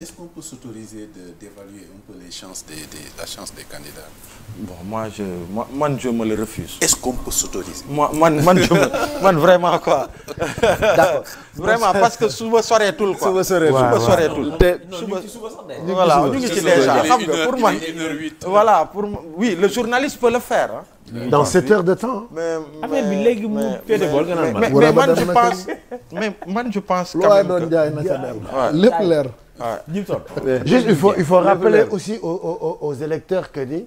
Est-ce qu'on peut des, des, la chance des candidats Bon, moi, je, moi, moi, le refuse. Est-ce qu'on peut s'autoriser moi, moi, moi, je moi, vraiment, quoi. D'accord. Vraiment, parce que souvent, soirée tout, quoi. Souvent, soirée ouais, tout. Soirée tout. Non, voilà, on dit déjà. Pour moi, voilà, oui, le journaliste peut le faire. Hein. Dans 7 heures de temps. Mais, ah, mais, mais, mais, mais, mais, mais, mais, mais, mais, juste il faut il faut rappeler aussi aux aux aux électeurs que ni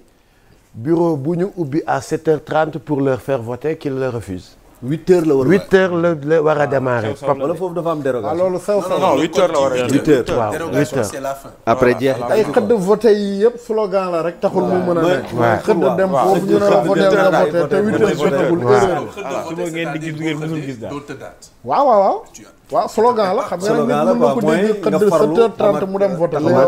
bureau bu ñu ubbi à 7h30 pour leur faire voter qu'ils le refusent. huit la war a huit la la war a démarrer. wala foofu dafa am dérogation. loolu sew sew a huit heures waaw huit heures. après la rek taxul mu mën a nekk. waaw xëdd dem foofu ñu ne la voté nga voté te huit heures sotagul heure heure. waaw su ma slogan la xam nga nag nit mën na ko dégg xëdd sept heures mu dem voté. li wax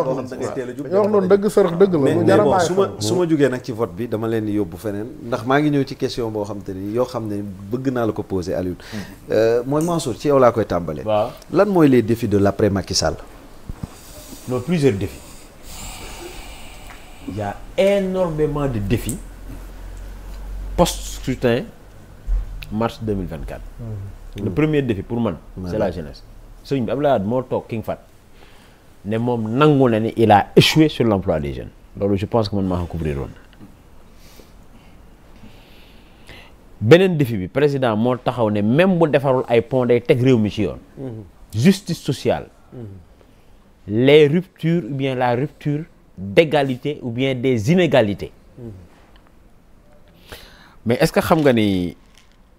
noonu dëgg sërëx dëgg la lu jar a bàyyi su ma su ma jugee nag ci vote bi dama leen di yóbbu feneen ndax maa ngi ñëw ci question boo xam te ni yoo xam ne bëgg naa dinaa la ko poser Alioune. Euh, mooy Mansour ci yow laa koy tàmbalee. lan mooy les defi de l' après Macky Sall. non plusieurs défis il énormément de défis post scrutin mars 2024. Mmh. Hmm. le premier défi pour man. Mmh. c' la jeunesse. sëñ bi Abdoulaye Wade moo toog King Fat ne moom nangu na ni il a échoué sur l' emploi des loolu je pense que man maa ko couvrir beneen défi bi président moo taxaw ne même bu defarul ay pont day teg réew mi ci yoon. Mhm. justice sociale. Mhm. les ruptures ou bien la rupture d'égalité ou bien des inégalités. Mhm. mais est-ce que xam nga ni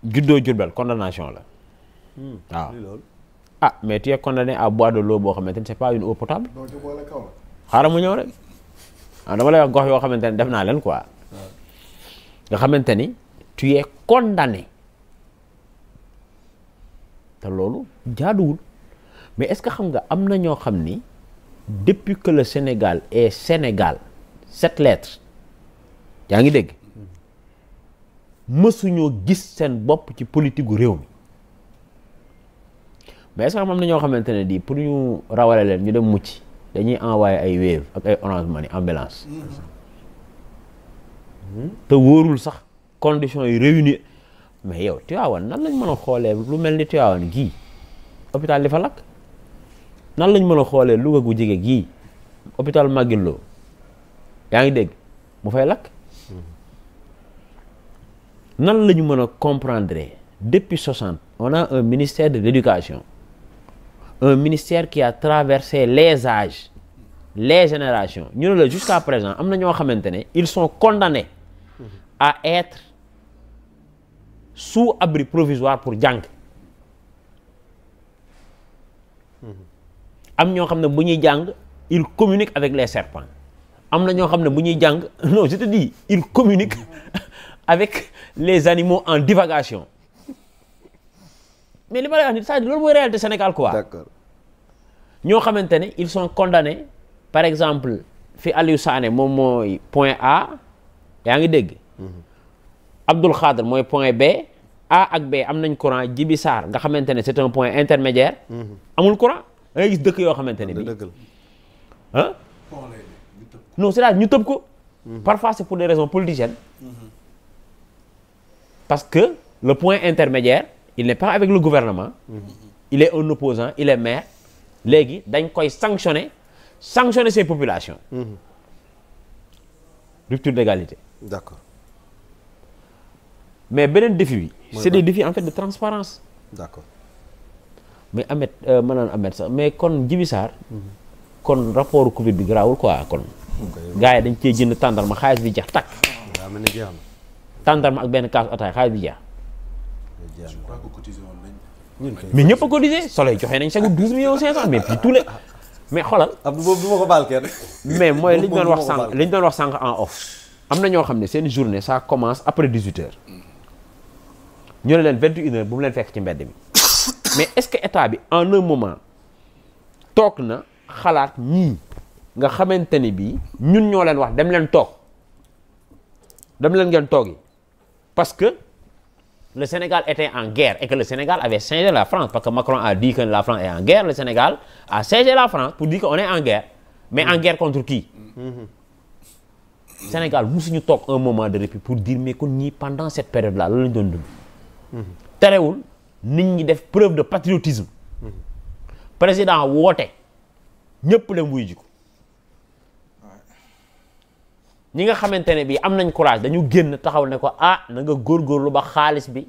juddoo Jurbel condamnation la. waaw hmm. a ah. ah, mais tu es condamné à bois de l'eau boo xamante ne c'est pas une eau potable. xaaral mu ñëw rek ah dama lay wax gox yoo xamante ne def naa leen quoi. nga xamante ni. tu es condamné te loolu jaaduwul mais est-ce que xam nga am na ñoo xam ni depuis que Sénégal est Sénégal cette lettre yaa ngi dégg mësuñoo gis seen bopp ci politique réew mi mais est-ce que am na ñoo xamante ne di pour ñu rawale leen ñu dem mucc dañuy envoyé ay Wave ak ay Orange Money ambulance mm-hmm. te wóorul sax conditions yi réuni mais yow Tivaouane nan lañ mën a xoolee lu mel ni Tivaouane gii hôpital li fa lakk nan lañ mën a xoolee Louga gu jege gii hôpital Maguette yaa ngi dégg mu fay lakk nan lañu ñu mën a comprendre depuis 60 on a un ministère de l'éducation un ministère qui a traversé les âges les génération ñu ne la jusqu'à présent am na ñoo xamante ne ils sont condamnés à être sous abri provisoire pour jàng am ñoo xam ne bu ñuy jàng il communique avec les serpents am na ñoo xam ne bu ñuy jàng non je te il communique avec les animaux en divagation mais li ma lay wax nii cest à loolu mooy réalité Sénégal quoi. d'accord ñoo xamante ne ils sont condamnés par exemple fi Aliou Sané moom moo point A yaa ngi dégg. Mhm. Abdoul Khadr mooy point B A ak B am nañ courant jibi saar nga xamante ne c'est un point intermédiaire. Mm-hmm. amul courant da gis dëkk yoo xamante ne bii. ah. non c'est-à-dire ñu tëb ko. Mm-hmm. parfois c'est pour des raisons politiciennes. Mm-hmm. parce que le point intermédiaire il n'est pas avec le gouvernement. il est un opposant il est maire. léegi dañ koy sanctionner sanctionner ses populations. rupture d'égalité. d'accord. mais beneen defi bi. c'est des défis en fait de transparence d'accord mais Ahmed euh, maanaam Ahmed sax mais kon Djibi Sarr. Mhm. kon rapport Covid bi garaawul quoi kon. gars yi dañ cee jënd tàndarma xaalis bi jeex takk. waaw mel ni jeex na. tàndarma ak benn kaas ataay xaalis bi jeex. mais ñëpp a cotisé Soleil joxe nañ sagu 12 millions 500 mais puis tous mais xoolal. Ah, mais mooy li ñu doon wax sànq li ñu doon wax sànq en off. am na ñoo xam ne seen journée ça commence après 18 heures. ñu ne leen vingt et une heures bu mu leen fekk ci mbedd mi mais est-ce que état bi en un moment toog na xalaat ñii nga xamante ni bii ñun ñoo leen wax dem leen toog dem leen ngeen toog yi parce que le Sénégal était en guerre et que le Sénégal avait singé la France parce que Macron a dit la France est en guerre le Sénégal a singé la France pour dire qu'on en guerre mais en guerre contre qui Sénégal musuñu toog un moment de répit pour dire mais kon ñii pendant doon dund terewul nit ñi def preuve de patriotisme président woote ñëpp dem wuy ji ñi nga xamante ne bii am nañ courage dañu génn taxaw ne ko ah na góor góorgóorlu ba xaalis bi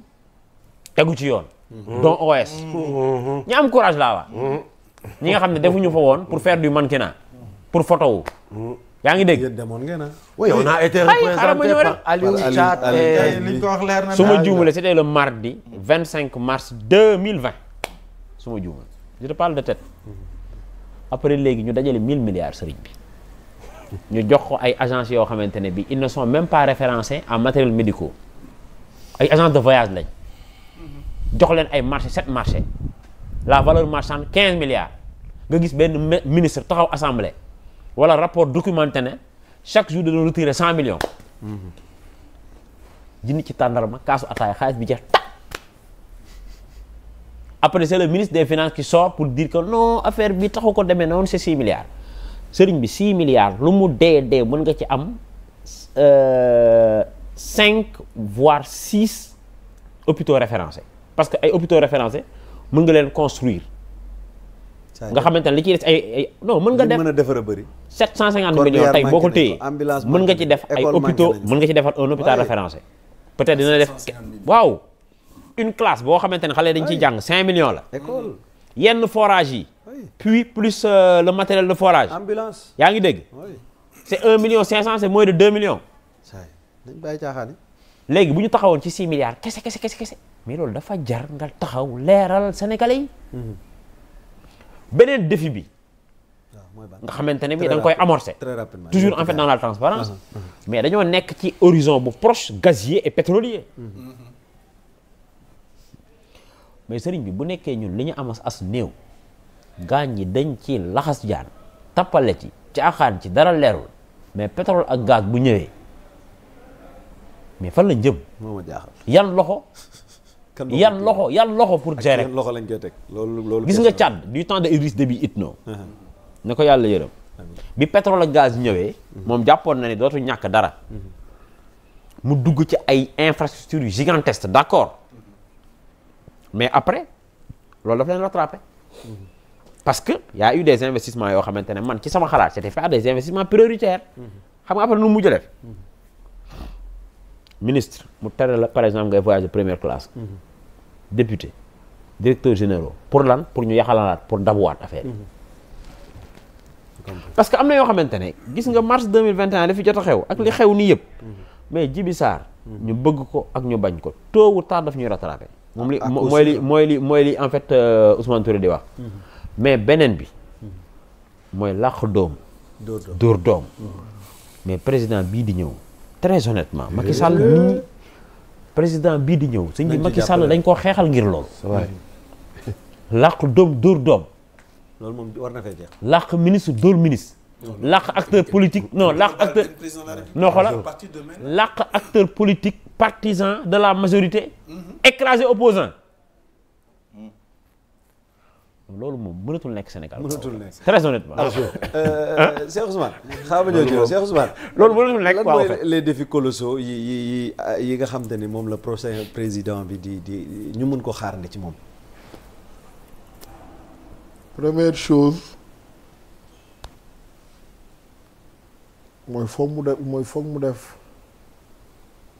tegu ci yoon. Mhm. don OS. ñi am courage laa waa mhm. ñi nga xam ne defuñu fa woon pour faire du mannequinat pour photo wu. Mhm. yaa ngi dégg yéen demoon ngeen ah. oui on a été représenté par Aliou Thiat eh, na. su ma juumalee c'était le mardi. 25 mars 2020 su ma juumalee. je te parle de tête. après léegi ñu dajale 1000 milliards sëriñ bi. ñu jox ko ay agences yoo xamante ne bi ils ne sont même pas référencés en matériel médicaux ay agences de voyage lañ. jox leen ay marché sept marché la valeur marchande quinze milliards. nga gis benn ministre taxaw assemblée. wala rapport documenté ne chaque jour dañoo retiré cent millions. jënd ci tàndarma kaasu ataaya xaalis bi jeex tàq. après c'est le ministre des finance qui sort pour dire que non affaire bi taxu ko demee noonu c'est six milliards. sëriñ bi six milliards lu mu dee dee mën nga ci am euh, cinq voire six hôpitaux référencés parce que ay hôpitaux référencés mën nga leen construire. nga xamante ne li ci des ay ay non mën nga def mën a defar a bëri 750 millions boo ko téye mën nga ci def ay hôpitaux mën nga ci defar un hôpital référencé peut-être dina def waaw une classe boo xamante ne xale dañ ciy jàng 5 millions la yenn forage yi puis plus euh, le matériel de forage ambulance yaa ngi dégg c'est un million cinq cent c'est moins de deux millions dañ léegi bu ñu taxawoon ci six milliards kese kese kese kese mais loolu dafa jar nga taxaw leeral sénégalais yi mm-hmm. beneen défi bi. Ah, nga xamante ne bi da nga koy amorcer. toujours en fait dans la transparence ah, ah, mais dañoo nekk ci horizon bu proche gazier et pétrolier. Mm-hmm. mais sëriñ bi bu nekkee ñun li ñu amas as néew. gaañ ñi dañ ci laxas jaan. tappale ci caaxaan ci dara leerul. mais pétrole ak gaz bu ñëwee. mais fan la jëm. moo yan loxo. yan loxo yan loxo pour gérer yan loxo lañ koy teg loolu loolu gis nga Tchad du temps de Idriss it Itno na ko yàlla yërëm bi pétrole ak gaz ñëwee mhm. moom jàppoon na ne dootu ñàkk dara mhm. mu dugg ci ay infrastructures gigantesques d'accord mais après loolu daf leen rattrapé mhm. parce que y a des investissements yoo xamante ne man ci sama xalaat c'était fait des investissements prioritaires xam nga après lu mu mujj def ministre mu tere la par exemple ngay voyage de première classe député directeur généraux pour lan pour ñu yaxalalaat pour dabuwaat affaire yi parce que am na yoo xamante ne gis nga mars 2021 dafi jot a xew ak li xew nii yëpp mm-hmm. mais Jibi Sarr ñu bëgg ko ak ñu bañ ko tôt ou tard daf ñuy rattrapé moom li ah, ah, mooy li mooy li mooy li en fait euh, Ousmane Touré di wax mm-hmm. mais beneen bi mm-hmm. mooy làq doom dóor doom mais président bii di ñëw très honnêtement Macky Sall nii président bii di ñëw sëñ bi Macky Sall dañ koo xeexal ngir loolu làq doom dóor doom loolu moom war na fee jeex làq ministre dóor ministre làq acteur politique non làq acteur non xoola làq acteur politique partisan de la majorité mhm. écragé opposant loolu moom mënatul nekk Sénégal. mënatul nekk très ah, euh, honnêtement. Cheikh Ousmane. xaaral ma ñëw Cheikh Ousmane. loolu mënatul nekk quoi lan mooy les défis colossaux yi yi yi nga xam ni moom la prochain président bi di di ñu mën ko xaarandi ci moom. première chose mooy foog mu def mooy foog mu def.